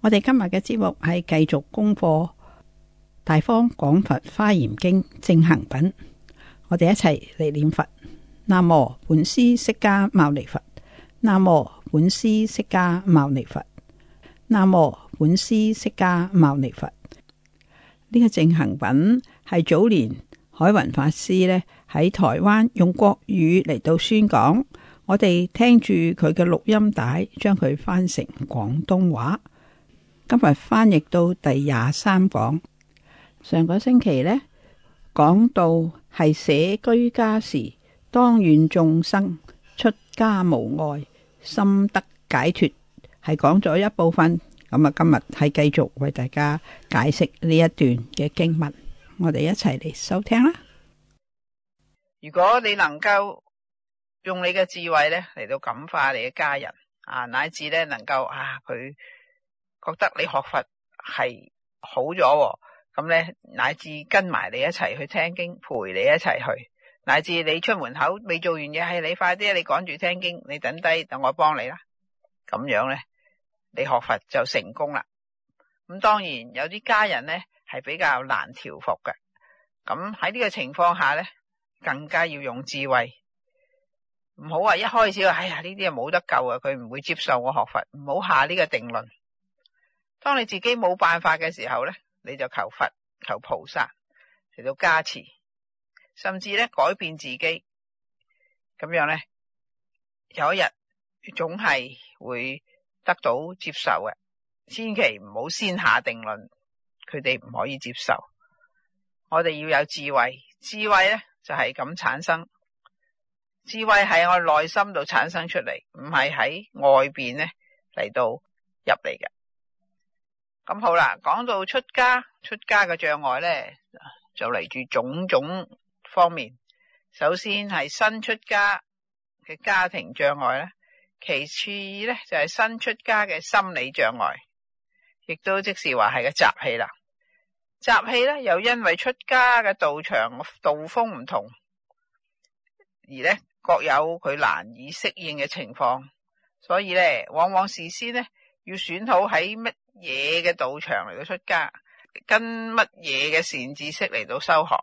我哋今日嘅節目係繼續功課《大方廣佛花嚴經正行品》，我哋一齊嚟念佛。南無本師釋迦牟尼佛，南無本師釋迦牟尼佛，南無本師釋迦牟尼佛。呢個正行品係早年海雲法師咧喺台灣用國語嚟到宣講，我哋聽住佢嘅錄音帶，將佢翻成廣東話。今日翻譯到第廿三講。上個星期呢，講到係捨居家時，當願眾生出家無礙，心得解脱，係講咗一部分。咁啊，今日係繼續為大家解釋呢一段嘅經文，我哋一齊嚟收聽啦。如果你能夠用你嘅智慧呢嚟到感化你嘅家人啊，乃至呢能夠啊佢。覺得你學佛係好咗咁呢，乃至跟埋你一齊去聽經，陪你一齊去，乃至你出門口未做完嘢，係你快啲，你趕住聽經，你等低等我幫你啦。咁樣呢，你學佛就成功啦。咁當然有啲家人呢係比較難調服嘅，咁喺呢個情況下呢，更加要用智慧，唔好話一開始，哎呀呢啲又冇得救啊！佢唔會接受我學佛，唔好下呢個定論。當你自己冇辦法嘅時候咧，你就求佛、求菩薩嚟到加持，甚至咧改變自己咁樣咧，有一日佢總係會得到接受嘅。千祈唔好先下定論，佢哋唔可以接受。我哋要有智慧，智慧咧就係咁產生，智慧喺我內心度產生出嚟，唔係喺外邊咧嚟到入嚟嘅。咁好啦，講到出家，出家嘅障礙咧，就嚟住種種方面。首先係新出家嘅家庭障礙啦，其次咧就係、是、新出家嘅心理障礙，亦都即是是話係個習氣啦。習氣咧又因為出家嘅道場道風唔同，而咧各有佢難以適應嘅情況，所以咧往往事先咧。要選好喺乜嘢嘅道場嚟到出家，跟乜嘢嘅善知識嚟到修學。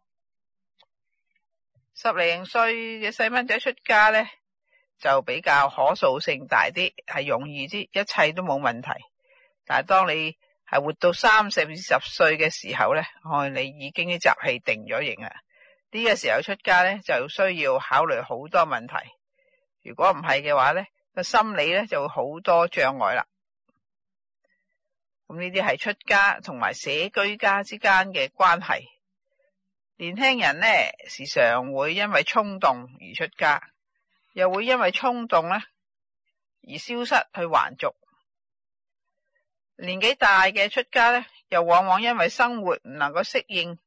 十零歲嘅細蚊仔出家呢，就比較可塑性大啲，係容易啲，一切都冇問題。但係當你係活到三四十、二十歲嘅時候呢，我哋已經習氣定咗型啦。呢個時候出家呢，就需要考慮好多問題。如果唔係嘅話呢，個心理呢就好多障礙啦。咁呢啲係出家同埋社居家之間嘅關係。年輕人呢，時常會因為衝動而出家，又會因為衝動呢而消失去還俗。年紀大嘅出家呢，又往往因為生活唔能夠適應，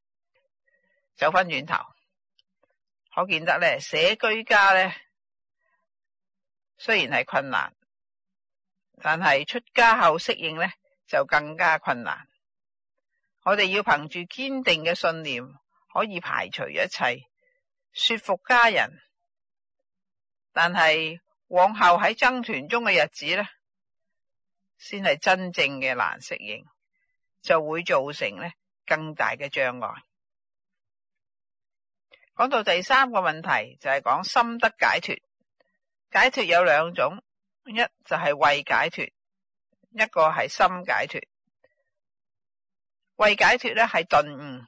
走翻轉頭。可見得呢，社居家呢，雖然係困難，但係出家後適應呢，就更加困難，我哋要憑住堅定嘅信念，可以排除一切，說服家人。但係往後喺爭團中嘅日子呢，先係真正嘅難適應，就會造成更大嘅障礙。講到第三個問題，就係、是、講心得解脫。解脫有兩種，一就係為解脫。一個係心解脱，慧解脫咧係頓悟。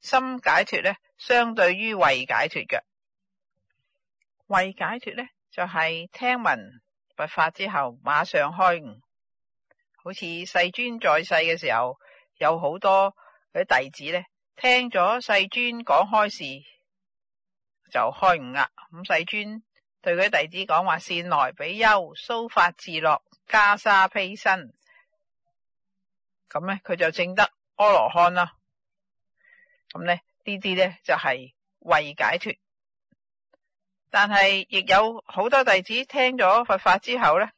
心解脱咧，相對於慧解脱嘅，慧解脱咧就係聽聞佛法之後馬上開悟。好似世尊在世嘅時候，有好多佢弟子咧，聽咗世尊講開示就開悟啦。咁世尊對佢弟子講話，善來比丘，鬚髮自落。袈裟披身，咁咧佢就證得阿羅漢啦。咁咧呢啲咧就係慧解脱，但係亦有好多弟子聽咗佛法之後咧，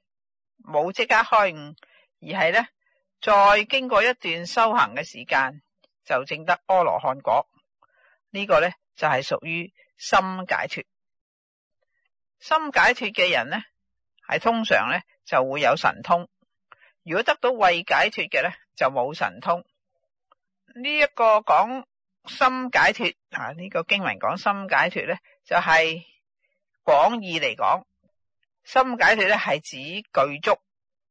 冇即刻開悟，而係咧再經過一段修行嘅時間就證得阿羅漢果。呢、這個咧就係屬於心解脱。心解脱嘅人咧係通常咧。就會有神通。如果得到慧解脱嘅咧，就冇神通。呢、這、一個講心解脱啊，呢、這個經文講心解脱咧，就係、是、廣義嚟講，心解脱咧係指具足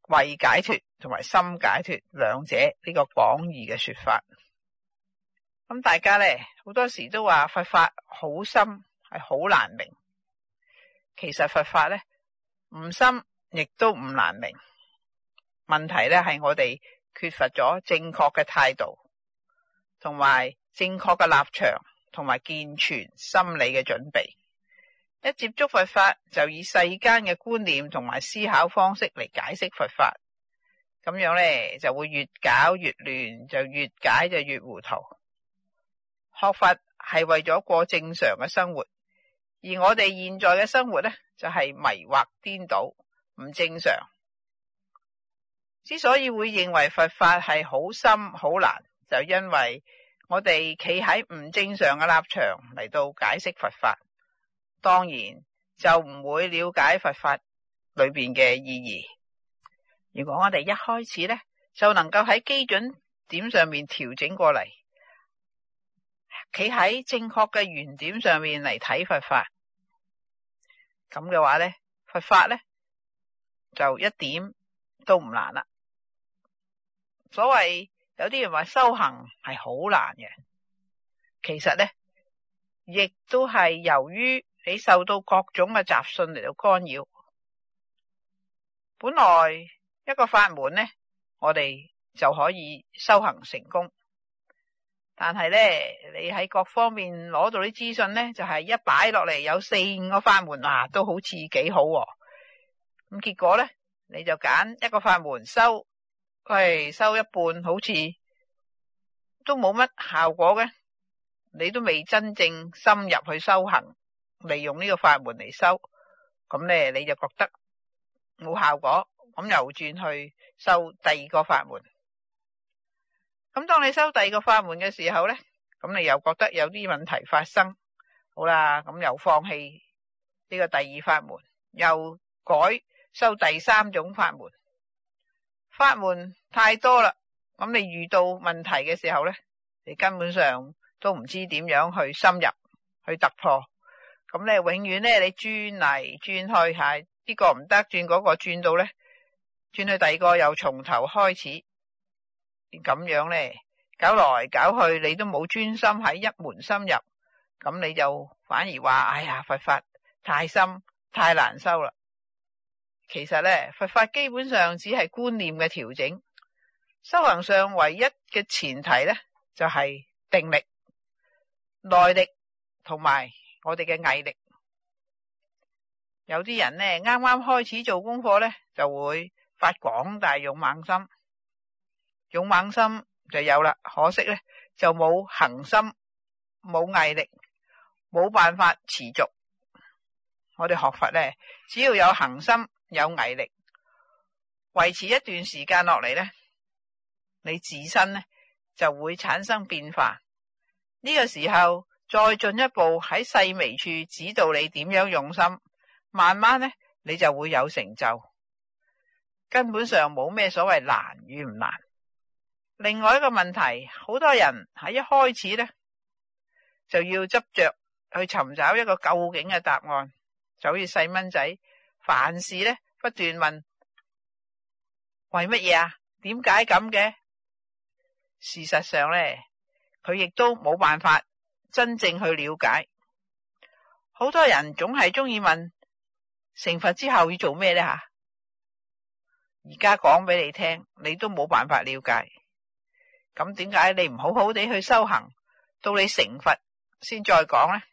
慧解脱同埋心解脱兩者呢、這個廣義嘅說法。咁大家咧好多時都話佛法好深，係好難明。其實佛法咧唔深。亦都唔難明，問題呢係我哋缺乏咗正確嘅態度，同埋正確嘅立場，同埋健全心理嘅準備。一接觸佛法，就以世間嘅觀念同埋思考方式嚟解釋佛法，咁樣呢就會越搞越亂，就越解就越糊塗。學佛係為咗過正常嘅生活，而我哋現在嘅生活呢，就係迷惑顛倒。唔正常，之所以會認為佛法係好深好難，就因為我哋企喺唔正常嘅立場嚟到解釋佛法，當然就唔會了解佛法裏邊嘅意義。如果我哋一開始呢，就能夠喺基準點上面調整過嚟，企喺正確嘅原點上面嚟睇佛法，咁嘅話呢，佛法呢。就一點都唔難啦。所謂有啲人話修行係好難嘅，其實呢亦都係由於你受到各種嘅雜訊嚟到干擾。本來一個法門呢，我哋就可以修行成功，但係呢，你喺各方面攞到啲資訊呢，就係一擺落嚟有四五個法門，哇，啊，都好似幾好啊。咁結果呢，你就揀一個法門修，佢修一半，好似都冇乜效果嘅，你都未真正深入去修行，利用呢個法門嚟修，咁呢你就覺得冇效果，咁又轉去修第二個法門。咁當你修第二個法門嘅時候呢，咁你又覺得有啲問題發生，好啦，咁又放棄呢個第二法門，又改。收第三種法門，法門太多啦，咁你遇到問題嘅時候呢，你根本上都唔知點樣去深入去突破，咁你永遠呢，你轉嚟轉去係呢個唔得，轉嗰個轉到呢轉去第二個又從頭開始，咁樣呢，搞來搞去，你都冇專心喺一門深入，咁你就反而話哎呀，佛法太深太難修啦。其實咧，佛法基本上只係觀念嘅調整，修行上唯一嘅前提咧就係定力、耐力同埋我哋嘅毅力。有啲人咧啱啱，開始做功課咧，就會發廣大勇猛心，勇猛心就有啦。可惜咧就冇恒心，冇毅力，冇辦法持續。我哋學佛咧，只要有恒心。有毅力維持一段時間落嚟呢，你自身呢就會產生變化。呢個時候再進一步喺細微處指導你點樣用心，慢慢呢你就會有成就。根本上冇咩所謂難與唔難。另外一個問題，好多人喺一開始呢就要執着去尋找一個究竟嘅答案，就好似細蚊仔。凡事咧不斷問什麼呀、為乜嘢啊？點解咁嘅？事實上咧，佢亦都冇辦法真正去了解。好多人總係中意問成佛之後要做咩咧？吓，而家講俾你聽，你都冇辦法了解。咁點解你唔好好地去修行，到你成佛先再講咧？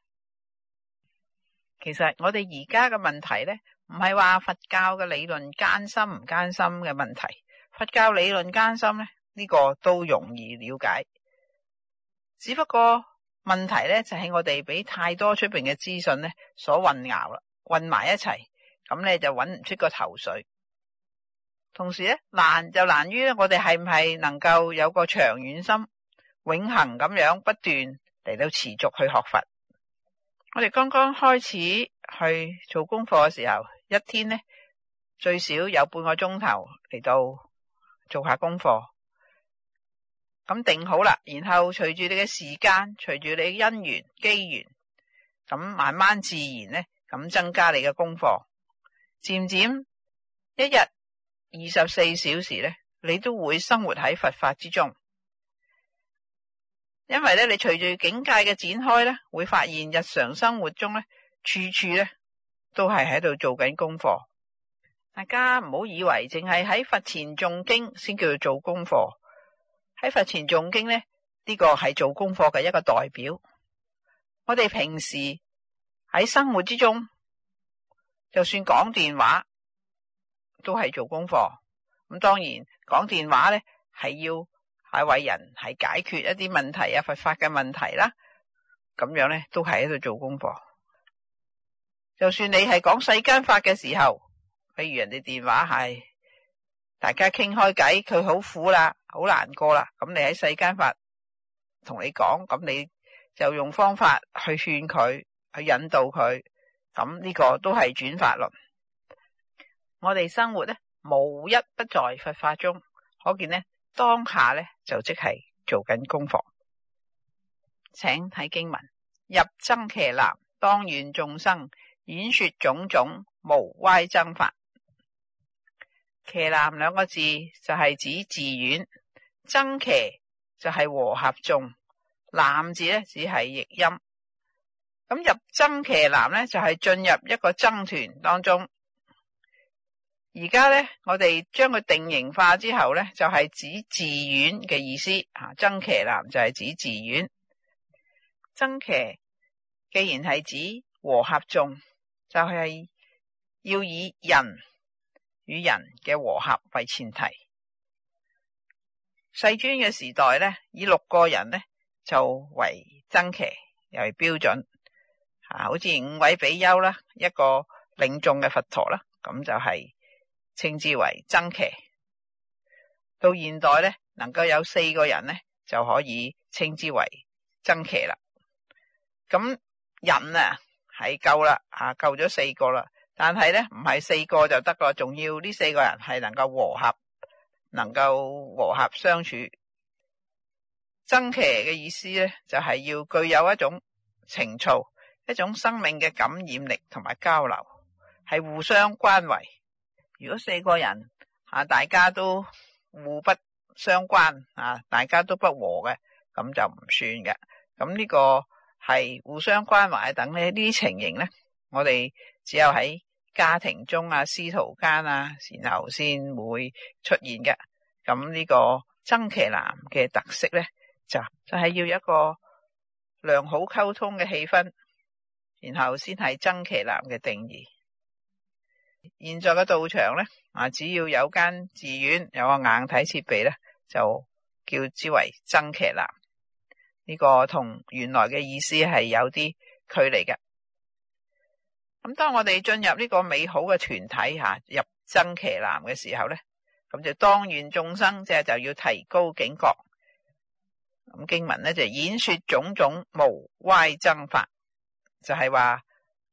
其實我哋而家嘅問題咧。唔係話佛教嘅理論艱深唔艱深嘅問題，佛教理論艱深咧呢、呢個都容易了解，只不過問題咧就係、是、我哋俾太多出邊嘅資訊咧所混淆啦，混埋一齊咁咧你就揾唔出個頭緒。同時咧難就難於咧我哋係唔係能夠有個長遠心，永恆咁樣不斷嚟到持續去學佛。我哋剛剛開始去做功課嘅時候，一天呢最少有半個鐘頭嚟到做下功課，咁定好啦。然後隨住你嘅時間，隨住你嘅因緣機緣，咁慢慢自然呢，咁增加你嘅功課，漸漸一日二十四小時呢，你都會生活喺佛法之中。因為咧，你隨住境界嘅展開咧，會發現日常生活中咧，處處咧。都係喺度做緊功課，大家唔好以為淨係喺佛前誦經先叫做做功課。喺佛前誦經咧，呢，呢個係做功課嘅一個代表。我哋平時喺生活之中，就算講電話都係做功課。咁當然講電話咧，係要係為人係解決一啲問題啊，佛法嘅問題啦，咁樣咧都係喺度做功課。就算你係講世間法嘅時候，譬如人哋電話係大家傾開偈，佢好苦啦，好難過啦。咁你喺世間法同你講，咁你就用方法去勸佢，去引導佢。咁呢個都係轉法輪。。 我哋生活咧，無一不在佛法中，可見呢，當下咧就即係做緊功課。請睇經文：入僧伽藍，當願眾生。演說種種無歪僧法，伽藍兩個字就係指寺院，僧伽就係和合眾，藍字咧只係譯音。咁入僧伽藍咧就係、是、進入一個僧團當中。而家咧我哋將佢定型化之後咧，就係、是、指寺院嘅意思啊。僧伽藍就係指寺院，僧伽既然係指和合眾。就係、是、要以人與人嘅和合為前提。世尊嘅時代呢，以六個人呢就為僧伽為標準，吓，好似五位比丘啦，一個領眾嘅佛陀啦，咁就係稱之為僧伽。到現代呢，能夠有四個人呢就可以稱之為僧伽啦。咁人啊～係夠啦，吓夠咗四個啦，但係咧唔係四個就得噶，仲要呢四個人係能夠和合，能夠和合相處。僧伽嘅意思咧，就係、是、要具有一種情操，一種生命嘅感染力同埋交流，係互相關懷。如果四個人大家都互不相關啊，大家都不和嘅，咁就唔算嘅。咁呢、這個。係互相關懷等呢啲情形咧，我哋只有喺家庭中啊、師徒間啊，然後先會出現嘅。咁呢個曾其難嘅特色咧，就就是、係要一個良好溝通嘅氣氛，然後先係曾其難嘅定義。現在嘅道場咧，啊，只要有間寺院，有個硬體設備咧，就叫之為曾其難。呢、這個同原來嘅意思係有啲距離嘅。咁當我哋進入呢個美好嘅團體吓，入僧伽藍嘅時候咧，咁就當願眾生即係就要提高警覺。咁經文咧就演說種種無歪僧法，就係、是、話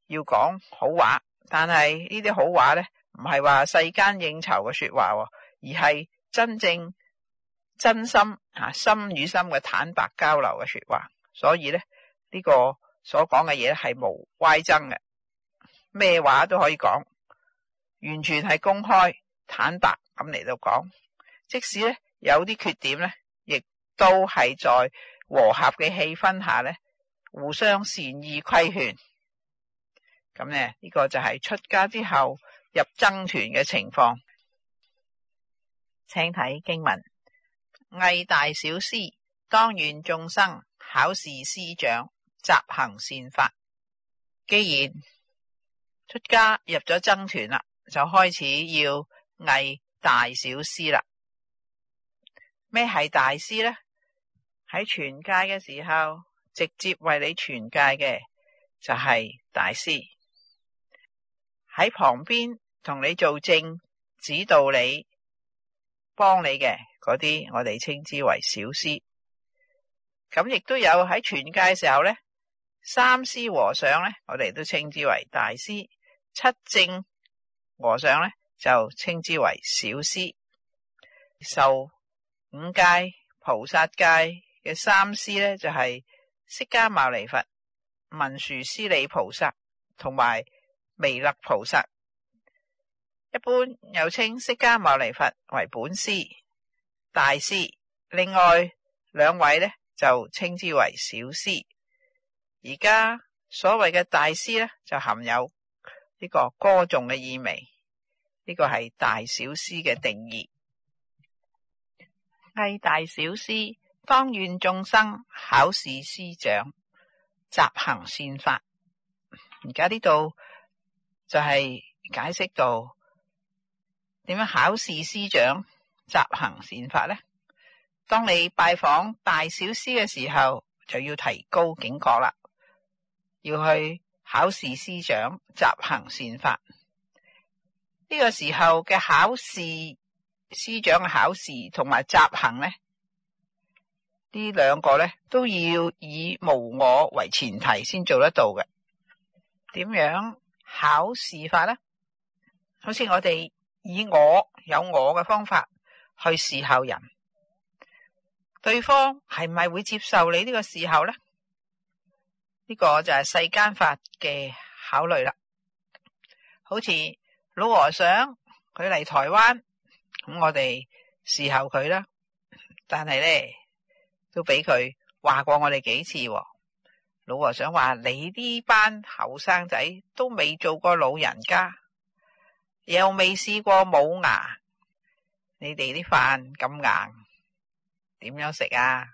要講好話，但係呢啲好話咧唔係話世間應酬嘅說話，而係真正。真心啊，心與心嘅坦白交流嘅說話，所以咧呢、這個所講嘅嘢係無歪諍嘅，咩話都可以講，完全係公開坦白咁嚟到講。即使咧有啲缺點咧，亦都係在和合嘅氣氛下咧，互相善意規勸。咁咧呢、這個就係出家之後入僧團嘅情況，請睇經文。藝大小師，當願眾生，考試師長，習行善法。既然出家入咗僧團啦，就開始要藝大小師啦。咩係大師咧？喺傳戒嘅時候，直接為你傳戒嘅就係、是、大師。喺旁邊同你做證、指導你、幫你嘅。嗰啲我哋稱之為小師，咁亦都有喺全戒嘅時候咧，三師和尚咧，我哋都稱之為大師；七正和尚咧就稱之為小師。受五戒菩薩戒嘅三師咧就係釋迦牟尼佛、文殊師利菩薩同埋彌勒菩薩，一般又稱釋迦牟尼佛為本師大師，另外兩位呢就稱之為小師。而家所謂嘅大師呢，就含有呢個歌頌嘅意味，呢個係大小師嘅定義。魏大小師當願眾生考試師長，習行善法。而家呢度就係解釋到點樣考試師長。執行善法咧，當你拜訪大小師嘅時候，就要提高警覺啦，要去考試師長，執行善法。呢個時候嘅考試師長嘅考試同埋執行咧，呢兩個咧都要以無我為前提先做得到嘅。點樣考試法咧？好似我哋以我有我嘅方法。去侍候人，對方係咪會接受你呢個侍候咧？呢個就係世間法嘅考慮啦。好似老和尚佢嚟台灣，咁我哋侍候佢啦。但係咧，都俾佢話過我哋幾次。老和尚話：你呢班後生仔都未做過老人家，又未試過冇牙。你哋啲飯咁硬，點樣食啊？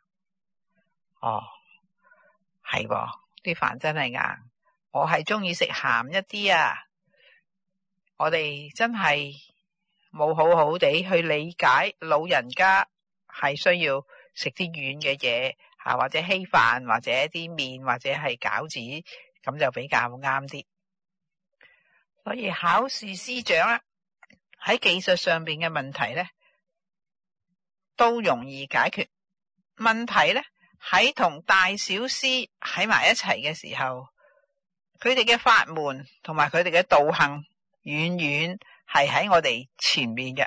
哦，係喎，啲飯真係硬。我係中意食鹹一啲啊。我哋真係冇好好地去理解老人家係需要食啲軟嘅嘢，吓、啊、或者稀飯，或者啲麵，或者係餃子，咁就比較啱啲。所以考試師長啊！喺技術上面嘅問題咧，都容易解決。問題咧，喺同大小師喺埋一齊嘅時候，佢哋嘅法門同埋佢哋嘅道行，遠遠係喺我哋前面嘅。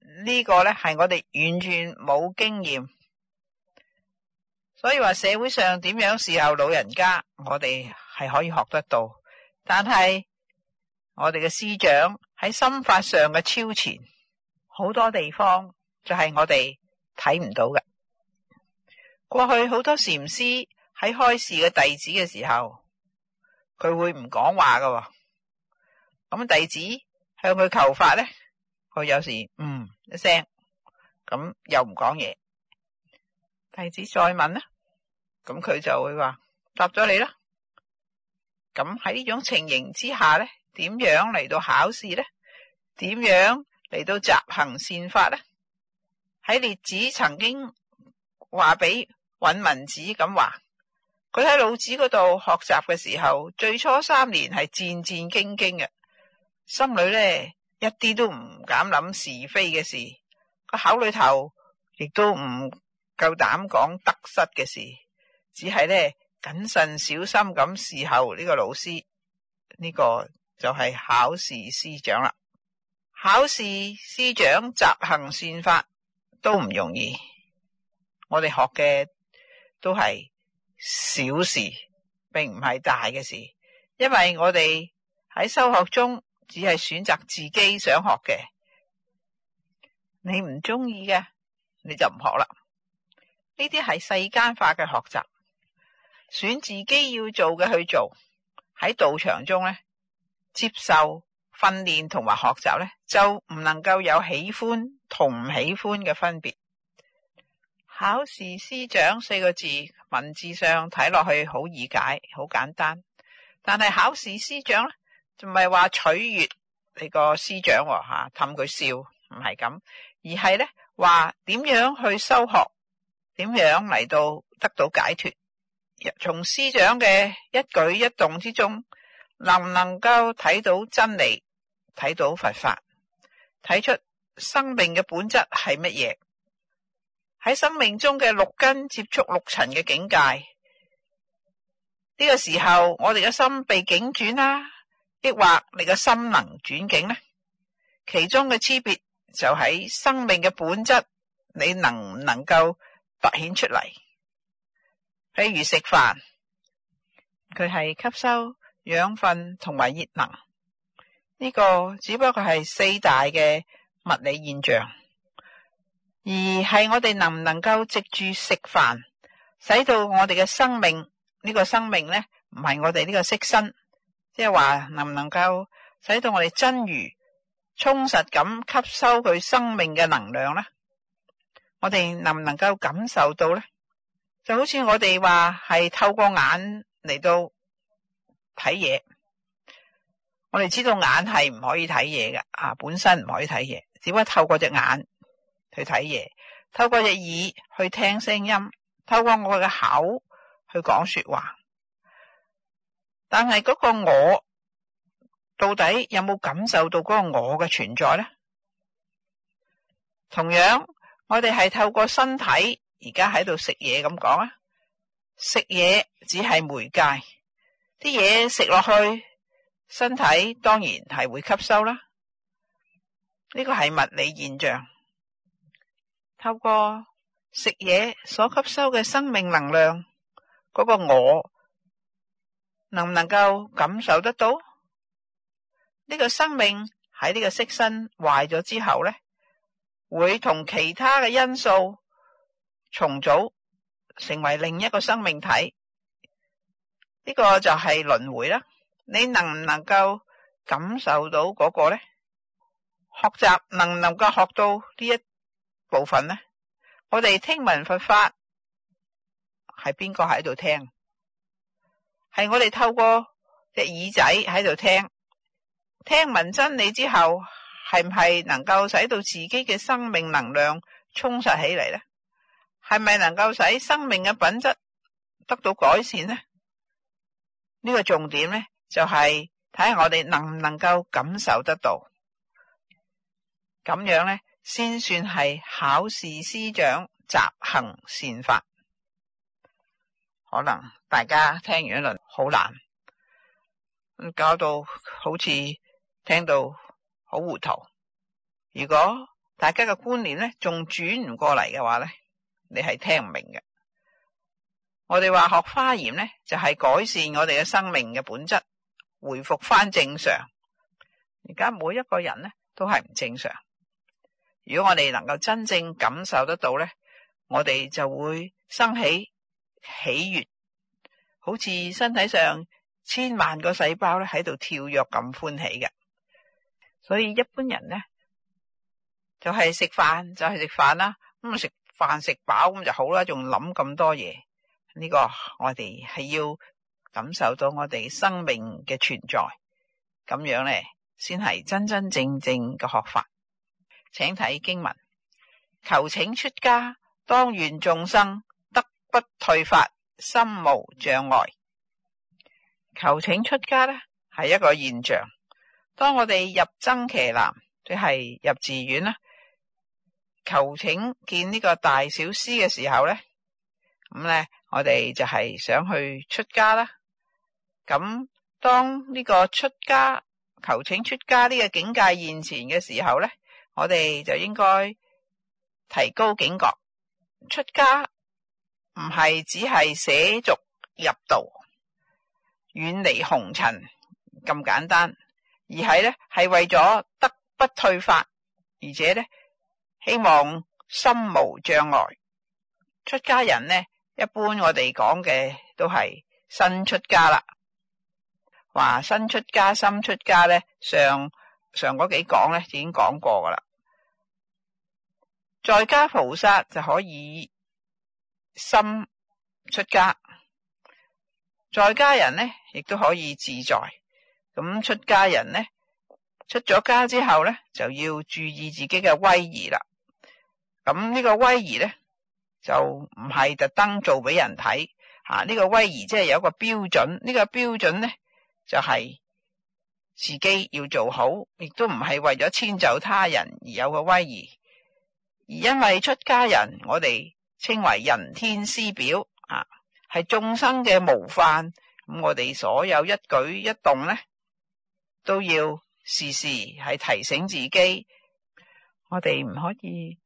這個、呢個咧係我哋完全冇經驗，所以話社會上點樣伺候老人家，我哋係可以學得到。但係我哋嘅師長。喺心法上嘅超前，好多地方就係我哋睇唔到嘅。過去好多禪師喺開示嘅弟子嘅時候，佢會唔講話㗎。咁弟子向佢求法咧，佢有時嗯一聲，咁又唔講嘢。弟子再問咧，咁佢就會話答咗你啦。咁喺呢種情形之下咧。點樣嚟到考試呢？點樣嚟到執行善法呢？喺列子曾經話俾尹文子咁話：佢喺老子嗰度學習嘅時候，最初三年係戰戰兢兢嘅，心裏呢一啲都唔敢諗是非嘅事，個口裏頭亦都唔夠膽講得失嘅事，只係呢謹慎小心咁侍候呢個老師呢個。就係、是、考試師長啦，考試師長執行善法都唔容易。我哋學嘅都係小事，並唔係大嘅事。因為我哋喺修學中，只係選擇自己想學嘅，你唔中意嘅你就唔學啦。呢啲係世間法嘅學習，選自己要做嘅去做。喺道場中咧。接受訓練同埋學習咧，就唔能夠有喜歡同唔喜歡嘅分別。考試師長四個字，文字上睇落去好易解，好簡單。但係考試師長咧，就唔係話取悦你個師長吓，氹佢笑，唔係咁，而係咧話點樣去修學，點樣嚟到得到解脱，從師長嘅一舉一動之中。能唔能夠睇到真理，睇到佛法，睇出生命嘅本質係乜嘢？喺生命中嘅六根接觸六塵嘅境界，呢、呢個時候我哋嘅心被境轉啦，抑或你嘅心能轉境呢？其中嘅差別就喺生命嘅本質，你能唔能夠凸顯出嚟？譬如食飯，佢係吸收。養分同埋熱能呢，呢個只不過係四大嘅物理現象，而係我哋能唔能夠藉住食飯，使到我哋嘅生命，呢個、生命呢個生命咧，唔係我哋呢個色身，即係話能唔能夠使到我哋真如充實咁吸收佢生命嘅能量咧？我哋能唔能夠感受到咧？就好似我哋話係透過眼嚟到。睇嘢，我哋知道眼係唔可以睇嘢嘅，啊，本身唔可以睇嘢，只不過透過隻眼去睇嘢，透過隻耳去聽聲音，透過我嘅口去講說話。但係嗰個我到底有冇感受到嗰個我嘅存在呢？同樣，我哋係透過身體而家喺度食嘢咁講啊，食嘢只係媒介。啲嘢食落去，身體當然係會吸收啦。呢個係物理現象，透過食嘢所吸收嘅生命能量，嗰個我能唔能夠感受得到？呢個生命喺呢個色身壞咗之後咧，會同其他嘅因素重組，成為另一個生命體。呢個就係輪回啦，你能唔能夠感受到嗰個呢？學習能唔能夠學到呢一部分呢？我哋聽聞佛法係邊個喺度聽？係我哋透過隻耳仔喺度聽，聽聞真理之後，係唔係能夠使到自己嘅生命能量充實起嚟咧？係咪能夠使生命嘅品質得到改善呢？呢個重點呢，就係睇下我哋能唔能夠感受得到，咁樣呢，先算係考試師長習行善法。可能大家聽完一輪好難，搞到好似聽到好糊塗。如果大家嘅觀念呢，仲轉唔過嚟嘅話呢，你係聽唔明嘅。我哋話學花言咧，就係改善我哋嘅生命嘅本質，回復翻正常。而家每一個人咧都係唔正常。如果我哋能夠真正感受得到咧，我哋就會生起喜悦，好似身體上千萬個細胞咧喺度跳躍咁歡喜嘅。所以一般人咧就係食飯就係食飯啦，咁食飯食飽咁就好啦，仲諗咁多嘢。呢、這個我哋係要感受到我哋生命嘅存在，咁樣咧先係真真正正嘅學法。請睇經文，求請出家，當願眾生，得不退法，心無障礙。求請出家咧係一個現象，當我哋入僧伽藍，即係、就是、入寺院啦，求請見呢個大小師嘅時候咧。咁咧，我哋就係想去出家啦。咁當呢個出家、求請出家呢個境界現前嘅時候咧，我哋就應該提高警覺。出家唔係只係捨俗入道、遠離紅塵咁簡單，而係咧係為咗得不退發，而且咧希望心無障礙。出家人咧。一般我哋講嘅都係身出家啦，話身出家、心出家咧，上上嗰幾講咧已經講過噶啦。在家菩薩就可以心出家，在家人咧亦都可以自在。咁出家人咧，出咗家之後咧就要注意自己嘅威儀啦。咁呢個威儀咧？就唔係特登做俾人睇，吓呢個威儀，即係有個標準。呢個標準咧，就係自己要做好，亦都唔係為咗遷就他人而有個威儀。而因為出家人，我哋稱為人天師表啊，係眾生嘅模範。咁我哋所有一舉一動咧，都要時時係提醒自己，我哋唔可以。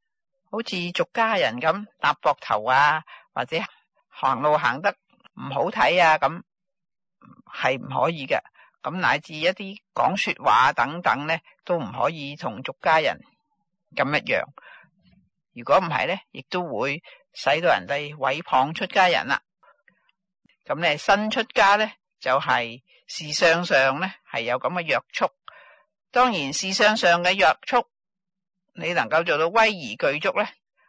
好似俗家人咁搭膊頭啊，或者行，行路行得唔好睇啊，咁係唔可以嘅。咁乃至一啲講說話等等咧，都唔可以同俗家人咁一樣。如果唔係咧，亦都會使到人哋毀謗出家人啦。咁咧，新出家咧就係、是、事相上咧係有咁嘅約束，當然事相上嘅約束。你能夠做到威儀具足咧，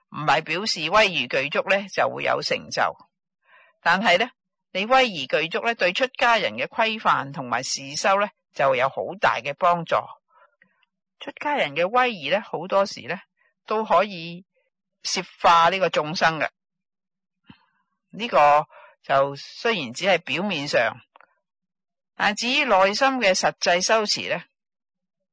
唔係表示威儀具足咧就會有成就。但係咧，你威儀具足咧對出家人嘅規範同埋事修咧就會有好大嘅幫助。出家人嘅威儀咧好多時咧都可以攝化呢個眾生嘅。呢、呢個就雖然只係表面上，但至於內心嘅實際修持咧。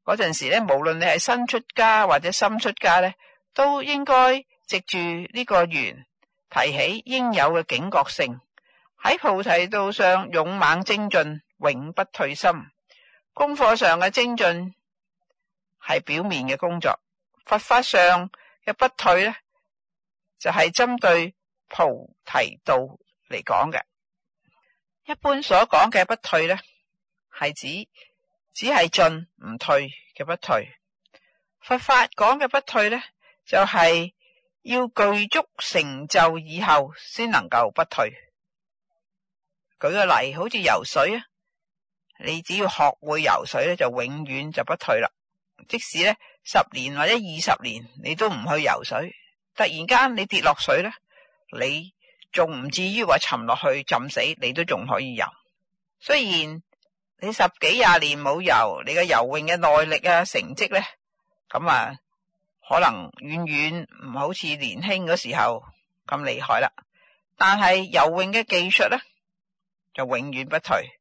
嗰陣時咧，無論你係新出家或者深出家咧，都應該藉住呢個緣提起應有嘅警覺性，喺菩提道上勇猛精進，永不退心。功課上嘅精進係表面嘅工作，佛法上嘅不退咧，就係、是、針對菩提道嚟講嘅。一般所講嘅不退咧，係指。只係進唔退嘅不退，佛法講嘅不退呢，就係要具足成就以後先能夠不退。舉個例，好似游水啊，你只要學會游水咧，就永遠就不退啦。即使呢十年或者二十年你都唔去游水，突然間你跌落水咧，你仲唔至於話沉落去浸死，你都仲可以游。雖然。你十幾廿年冇游，你個游泳嘅耐力啊、成績咧，咁啊可能遠遠唔好似年輕嗰時候咁厲害啦。但係游泳嘅技術咧就永遠不退，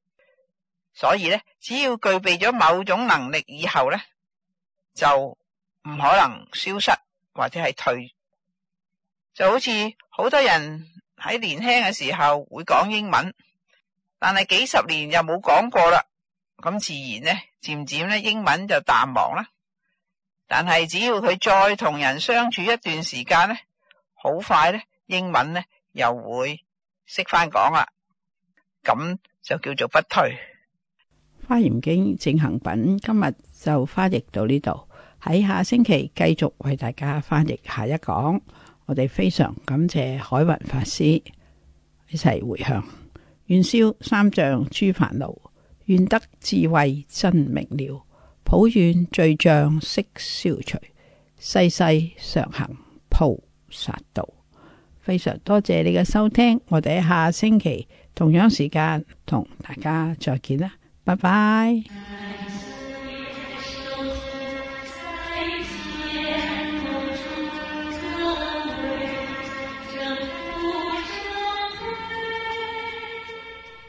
所以咧只要具備咗某種能力以後咧，就唔可能消失或者係退，就好似好多人喺年輕嘅時候會講英文。但係幾十年又冇講過啦，咁自然呢，漸漸呢英文就淡忘啦。但係只要佢再同人相處一段時間呢，好快呢，英文呢又會識翻講啦。咁就叫做不退。《華嚴經》淨行品，今日就翻譯到呢度，喺下星期繼續為大家翻譯下一講。我哋非常感謝海雲法師一齊回向。元願消三障諸煩惱，願得智慧真明了，普願罪障悉消除，世世常行菩薩道。非常多謝你嘅收聽，我哋下星期同樣時間同大家再見啦，拜拜。